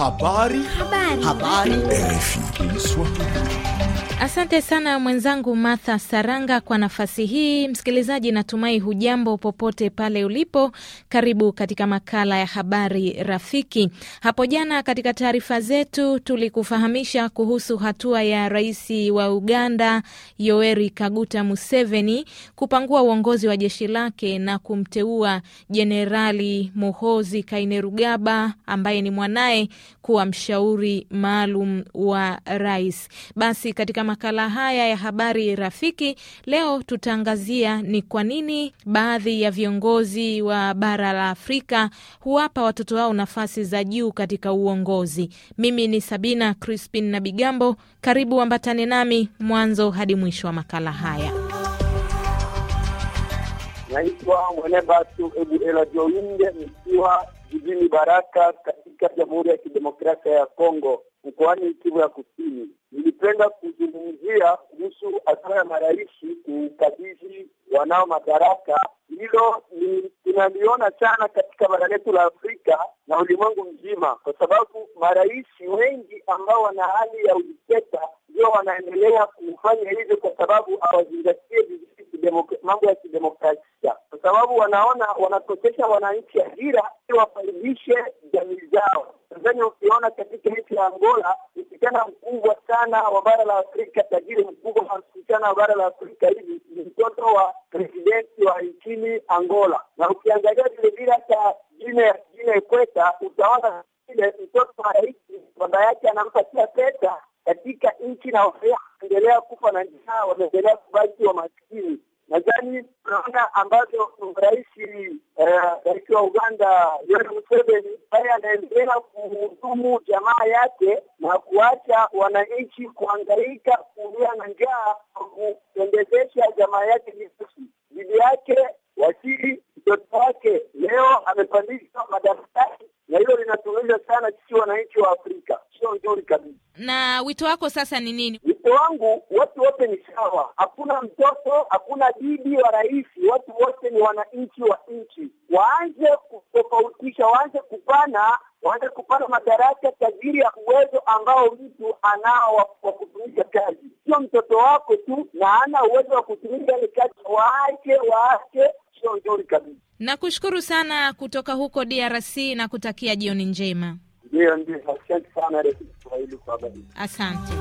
Habari. Habari. Habari. Asante sana mwenzangu Martha Saranga kwa nafasi hii. Msikilizaji, natumai hujambo popote pale ulipo. Karibu katika makala ya habari rafiki. Hapo jana katika taarifa zetu tulikufahamisha kuhusu hatua ya rais wa Uganda Yoweri Kaguta Museveni kupangua uongozi wa jeshi lake na kumteua Jenerali mohozi Kainerugaba ambaye ni mwanaye kuwa mshauri maalum wa rais. Basi katika makala haya ya habari rafiki leo tutaangazia ni kwa nini baadhi ya viongozi wa bara la Afrika huwapa watoto wao nafasi za juu katika uongozi. Mimi ni Sabina Crispin na Bigambo, karibu ambatane nami mwanzo hadi mwisho wa makala haya. Naitwa Mwenebatu Ebu Ela Joinde, mkiwa jijini Baraka katika Jamhuri ya Kidemokrasia ya Kongo mkoani Kivu ya Kusini. Nilipenda kuzungumzia kuhusu hatua ya marais kukabidhi wanao madaraka. Hilo ni tunaliona sana katika bara letu la Afrika na ulimwengu mzima, kwa sababu marais wengi ambao wana hali ya udikteta ndio wanaendelea kufanya hivyo, kwa sababu hawazingatie vizuri mambo ya kidemokrasia sababu wanaona wanatokesha wananchi ajira ili wafaidishe jamii zao. Tanzania ukiona katika nchi ya Angola, msichana mkubwa sana wa bara la Afrika, tajiri mkubwa wa msichana wa bara la Afrika hivi ni mtoto wa presidenti wa nchini Angola, na ukiangalia vilevile hata jina ya jina Ikweta utaona vile mtoto wa rais baba yake anampatia pesa katika nchi na wanaendelea kufa na njaa, wanaendelea kubaki wa maskini. Nadhani tunaona ambavyo rais eh, rais wa Uganda Yoweri Museveni pale anaendelea kuhudumu jamaa yake na kuacha wananchi kuangaika kulia na njaa kwa kuendezesha jamaa yake binafsi. Bibi yake wakili mtoto wake leo amepandishwa madaktari na hilo linatuumiza sana sisi wananchi wa Afrika, sio nzuri kabisa. Na wito wako sasa ni nini? Wito wangu wa rais, watu wote ni wananchi wa nchi, waanze kutofautisha, waanze kupana, waanze kupana madaraka tajiri ya uwezo ambao mtu anao wa kutumisha kazi, sio mtoto wako tu na ana uwezo wa kutumisha ile kazi. Waache, waache, sio nzuri kabisa. Nakushukuru sana kutoka huko DRC na kutakia jioni njema. Ndio, ndio, asante sana. Asante.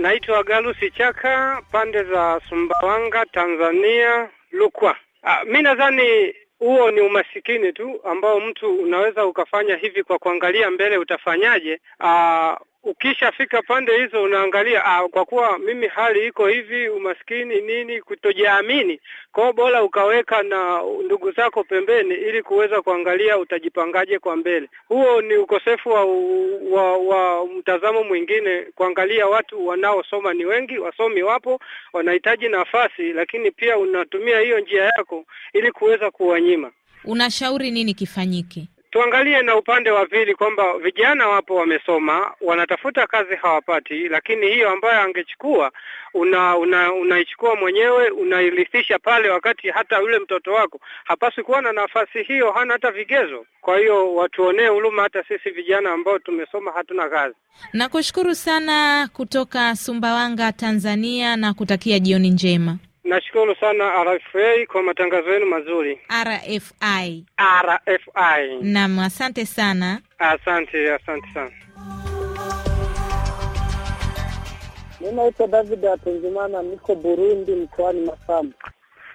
Naitwa Galusi Chaka, pande za Sumbawanga, Tanzania, Lukwa. Ah, mi nadhani huo ni umasikini tu ambao mtu unaweza ukafanya hivi kwa kuangalia mbele utafanyaje. Aa, ah, ukishafika pande hizo unaangalia ah, kwa kuwa mimi hali iko hivi, umaskini nini, kutojiamini kwao, bora ukaweka na ndugu zako pembeni, ili kuweza kuangalia utajipangaje kwa mbele. Huo ni ukosefu wa, wa, wa mtazamo mwingine, kuangalia watu wanaosoma ni wengi, wasomi wapo, wanahitaji nafasi, lakini pia unatumia hiyo njia yako ili kuweza kuwanyima. Unashauri nini kifanyike? Tuangalie na upande wa pili kwamba vijana wapo wamesoma, wanatafuta kazi hawapati, lakini hiyo ambayo angechukua una, una, unaichukua mwenyewe unairithisha pale, wakati hata yule mtoto wako hapaswi kuwa na nafasi hiyo, hana hata vigezo. Kwa hiyo watuonee huruma, hata sisi vijana ambao tumesoma hatuna kazi. Nakushukuru sana kutoka Sumbawanga, Tanzania, na kutakia jioni njema. Nashukuru sana RFI kwa matangazo yenu mazuri. RFI, RFI. Naam, asante sana. Asante, asante sana. Mimi naitwa David Atenzimana, niko Burundi, mkoani Makamba.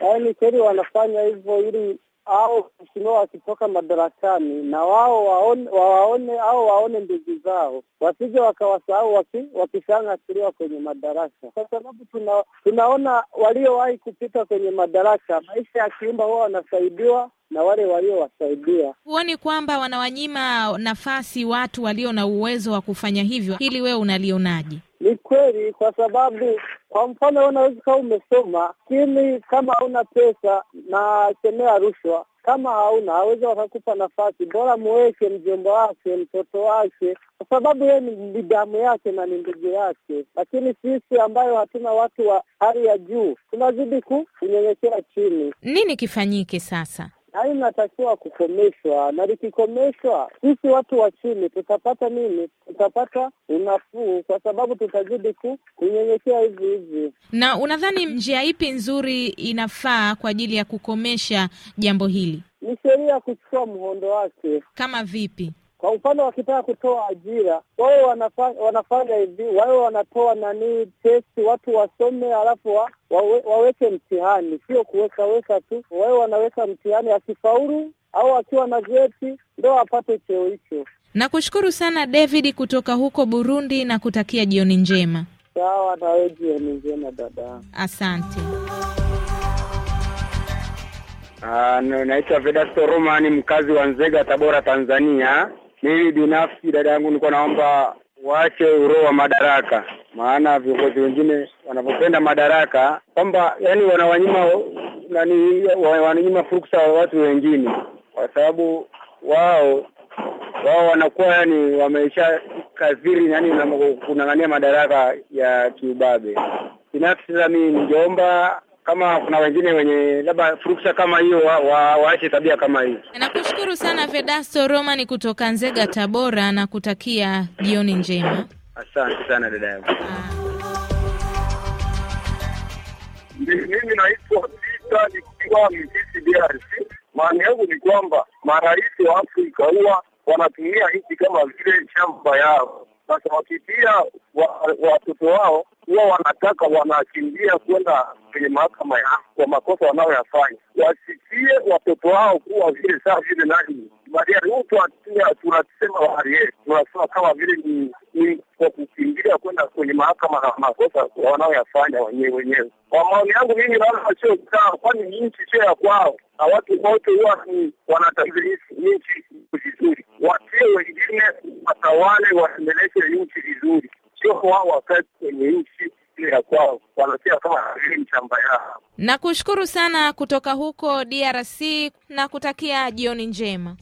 Yaani kweli wanafanya hivyo ili au mheshimiwa wakitoka madarakani na wao waone, waone au waone ndugu zao, wasije wakawasahau waki, wakishaang'atuliwa kwenye madaraka, kwa sababu tuna, tunaona waliowahi kupita kwenye madaraka, maisha ya kiumba huwa wanasaidiwa na wale waliowasaidia. Huoni kwamba wanawanyima nafasi watu walio na uwezo wa kufanya hivyo? Hili wewe unalionaje? Ni kweli kwa sababu kwa mfano unaweza kuwa umesoma lakini kama hauna pesa na semea rushwa, kama hauna hawezi wakakupa nafasi, bora muweke mjomba wake, mtoto wake, kwa sababu yeye ni damu yake na ni ndugu yake. Lakini sisi ambayo hatuna watu wa hali ya juu tunazidi kunyenyekea chini. Nini kifanyike sasa? hainatakiwa kukomeshwa, na likikomeshwa, sisi watu wa chini tutapata nini? Tutapata unafuu, kwa sababu tutazidi ku kunyenyekea hivi hivi. Na unadhani njia ipi nzuri inafaa kwa ajili ya kukomesha jambo hili? Ni sheria kuchukua mhondo wake. Kama vipi? Kwa mfano wakitaka kutoa ajira wao wanafanya, wanafanya hivi, wawe wanatoa nani testi, watu wasome, alafu wa, wawe, waweke mtihani, sio kuwekaweka tu, wawe wanaweka mtihani, akifaulu au akiwa na vyeti ndo apate cheo hicho. Nakushukuru sana David kutoka huko Burundi na kutakia jioni njema. Sawa, nawe jioni njema dada, asante. Uh, naitwa Vedasto Roma ni mkazi wa Nzega, Tabora, Tanzania. Mimi binafsi, dada yangu, nilikuwa naomba waache uroho wa madaraka, maana viongozi wengine wanapopenda madaraka kwamba yani wanawanyima nani, wananyima fursa watu wengine, kwa sababu wao wao wanakuwa yani wameisha kadhiri yani kunang'ania madaraka ya kiubabe. Binafsi sasa, mimi ningeomba kama kuna wengine wenye labda fursa kama hiyo, waache wa, wa, tabia kama hiyo kushukuru sana Vedasto romani kutoka Nzega, Tabora, na kutakia jioni njema. Asante sana dada yangu. Mimi naitwa Pita nikiwa Msisi, DRC. Maani yangu ni kwamba marais wa Afrika huwa wanatumia nchi kama vile shamba yao. Sasa wakitia watoto wao huwa wanataka wanakimbia kwenda kwenye mahakama ya kwa makosa wanayoyafanya, wasikie watoto wao kuwa vile saa vile nani bariari huu tunasema bahari yetu, tunasema kama vile ni kwa kukimbia kwenda kwenye mahakama na makosa wanaoyafanya wenyewe wenyewe. Kwa maoni yangu mimi, naona sio sawa, kwani nchi sio ya kwao, na watu wote huwa ni nchi vizuri. Watie wengine watawale, waendeleshe nchi vizuri, sio wao wakati kwenye nchi wanapiga kwao, wanapiga kama hii shamba yao. Nakushukuru sana kutoka huko DRC na kutakia jioni njema.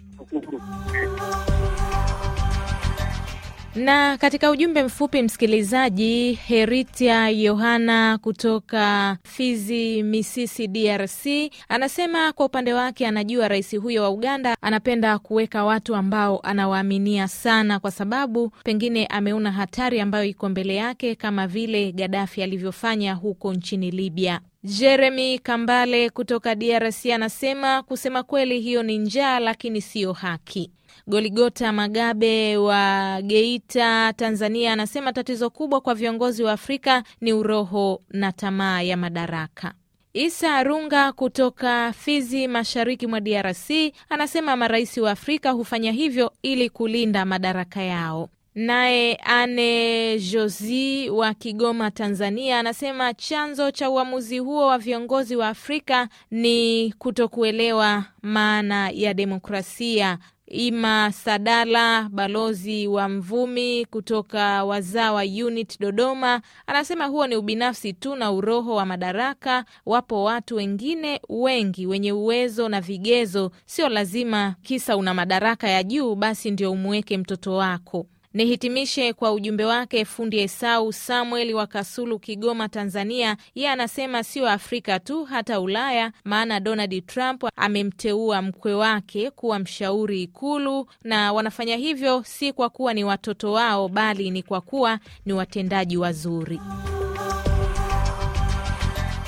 Na katika ujumbe mfupi msikilizaji, Heritia Yohana kutoka Fizi Misisi, DRC anasema kwa upande wake anajua rais huyo wa Uganda anapenda kuweka watu ambao anawaaminia sana, kwa sababu pengine ameona hatari ambayo iko mbele yake kama vile gadafi alivyofanya huko nchini Libya. jeremi Kambale kutoka DRC anasema kusema kweli, hiyo ni njaa, lakini siyo haki. Goligota Magabe wa Geita, Tanzania, anasema tatizo kubwa kwa viongozi wa Afrika ni uroho na tamaa ya madaraka. Isa Runga kutoka Fizi, mashariki mwa DRC, anasema marais wa Afrika hufanya hivyo ili kulinda madaraka yao. Naye Ane Josi wa Kigoma, Tanzania, anasema chanzo cha uamuzi huo wa viongozi wa Afrika ni kutokuelewa maana ya demokrasia Ima Sadala, balozi wa Mvumi kutoka Wazawa Unit Dodoma, anasema huo ni ubinafsi tu na uroho wa madaraka. Wapo watu wengine wengi wenye uwezo na vigezo, sio lazima kisa una madaraka ya juu basi ndio umweke mtoto wako. Nihitimishe kwa ujumbe wake fundi Esau Samuel wa Kasulu, Kigoma, Tanzania. Yeye anasema sio Afrika tu, hata Ulaya, maana Donald Trump amemteua mkwe wake kuwa mshauri Ikulu, na wanafanya hivyo si kwa kuwa ni watoto wao, bali ni kwa kuwa ni watendaji wazuri.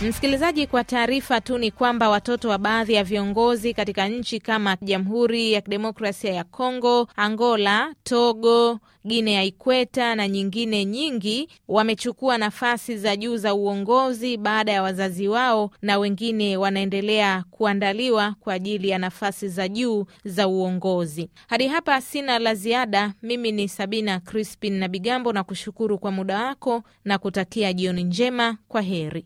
Msikilizaji, kwa taarifa tu ni kwamba watoto wa baadhi ya viongozi katika nchi kama Jamhuri ya Kidemokrasia ya Kongo, Angola, Togo, Guinea ya Ikweta na nyingine nyingi wamechukua nafasi za juu za uongozi baada ya wazazi wao, na wengine wanaendelea kuandaliwa kwa ajili ya nafasi za juu za uongozi. Hadi hapa sina la ziada. Mimi ni Sabina Crispin na Bigambo, na kushukuru kwa muda wako na kutakia jioni njema. Kwa heri.